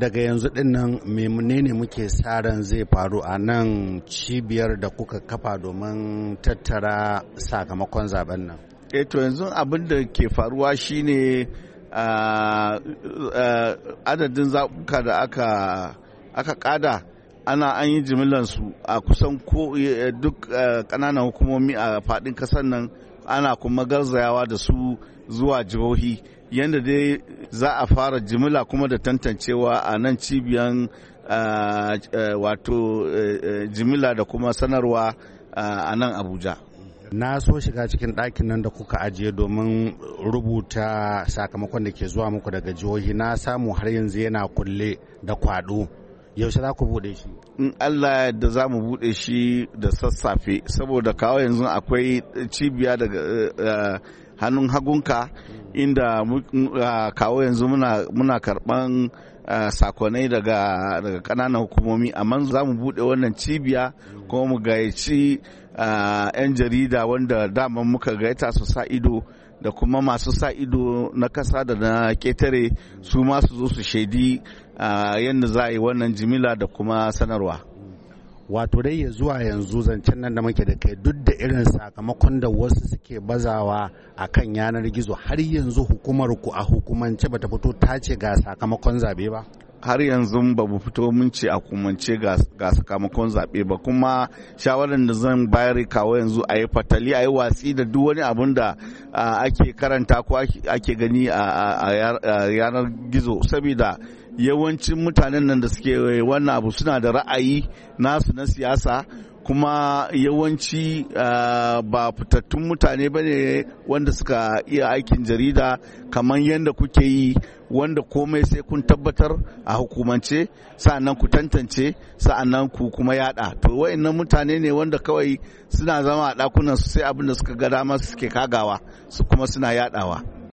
daga yanzu dinnan menene muke sa zai faru a nan cibiyar da kuka kafa domin tattara sakamakon zaben nan eh to yanzu abin da ke faruwa shine adadin zaɓuka da aka aka kada ana an yi jimillansu a kusan eh, duk eh, ƙananan hukumomi a faɗin ƙasar nan ana kuma garzayawa da su zuwa jihohi yadda dai za a fara jimila kuma da tantancewa a nan cibiyan wato e, e, jimila da kuma sanarwa a nan abuja na so shiga cikin ɗakin nan da kuka ajiye domin rubuta sakamakon da ke zuwa muku daga jihohi na samu har yanzu yana kulle da kwaɗo yaushe za ku bude shi in allah yadda za mu bude shi da sassafe saboda kawo yanzu akwai cibiya daga eh, eh, hannun hagunka inda kawo yanzu muna karban eh, sakonai daga kananan hukumomi amma za mu bude wannan cibiya kuma mu gayyaci 'yan jarida wanda daman muka gaita su sa ido da kuma masu sa ido na kasa da na ketare su ma su zo su shaidi yadda za a yi wannan jimila da kuma sanarwa wato dai ya zuwa yanzu zancen nan da muke da kai duk da irin sakamakon da wasu suke bazawa a kan yanar gizo har yanzu hukumar ku a hukumance bata fito ta ce ga sakamakon zabe ba har yanzu ba mu fito mun ce a kumance ga sakamakon zaɓe ba kuma shawarar da zan bayar kawo yanzu a yi fatali a yi watsi da duk wani abun da ake karanta ko ake gani a yanar gizo saboda yawancin mutanen nan da suke eh, wannan abu suna da ra'ayi nasu na siyasa kuma yawanci ah, ba fitattun mutane ba ne wanda suka iya aikin jarida kamar yadda kuke yi wanda komai sai kun tabbatar a hukumance sa'annan ku tantance sa'annan ku kuma yada to nan mutane ne wanda kawai suna zama a dakunan su sai abinda suka ga dama suke kagawa su kuma suna yadawa